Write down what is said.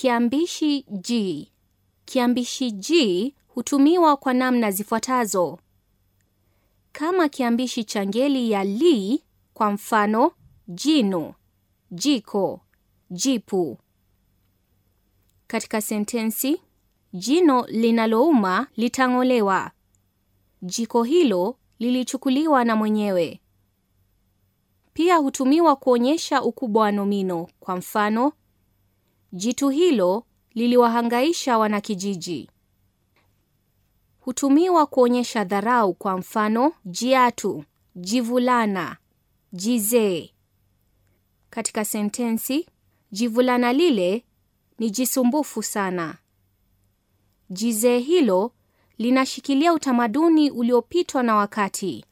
Kiambishi j Kiambishi j hutumiwa kwa namna zifuatazo: kama kiambishi cha ngeli ya li, kwa mfano jino, jiko, jipu. Katika sentensi, jino linalouma litang'olewa. Jiko hilo lilichukuliwa na mwenyewe. Pia hutumiwa kuonyesha ukubwa wa nomino, kwa mfano Jitu hilo liliwahangaisha wanakijiji. Hutumiwa kuonyesha dharau, kwa mfano jiatu, jivulana, jizee. Katika sentensi, jivulana lile ni jisumbufu sana. Jizee hilo linashikilia utamaduni uliopitwa na wakati.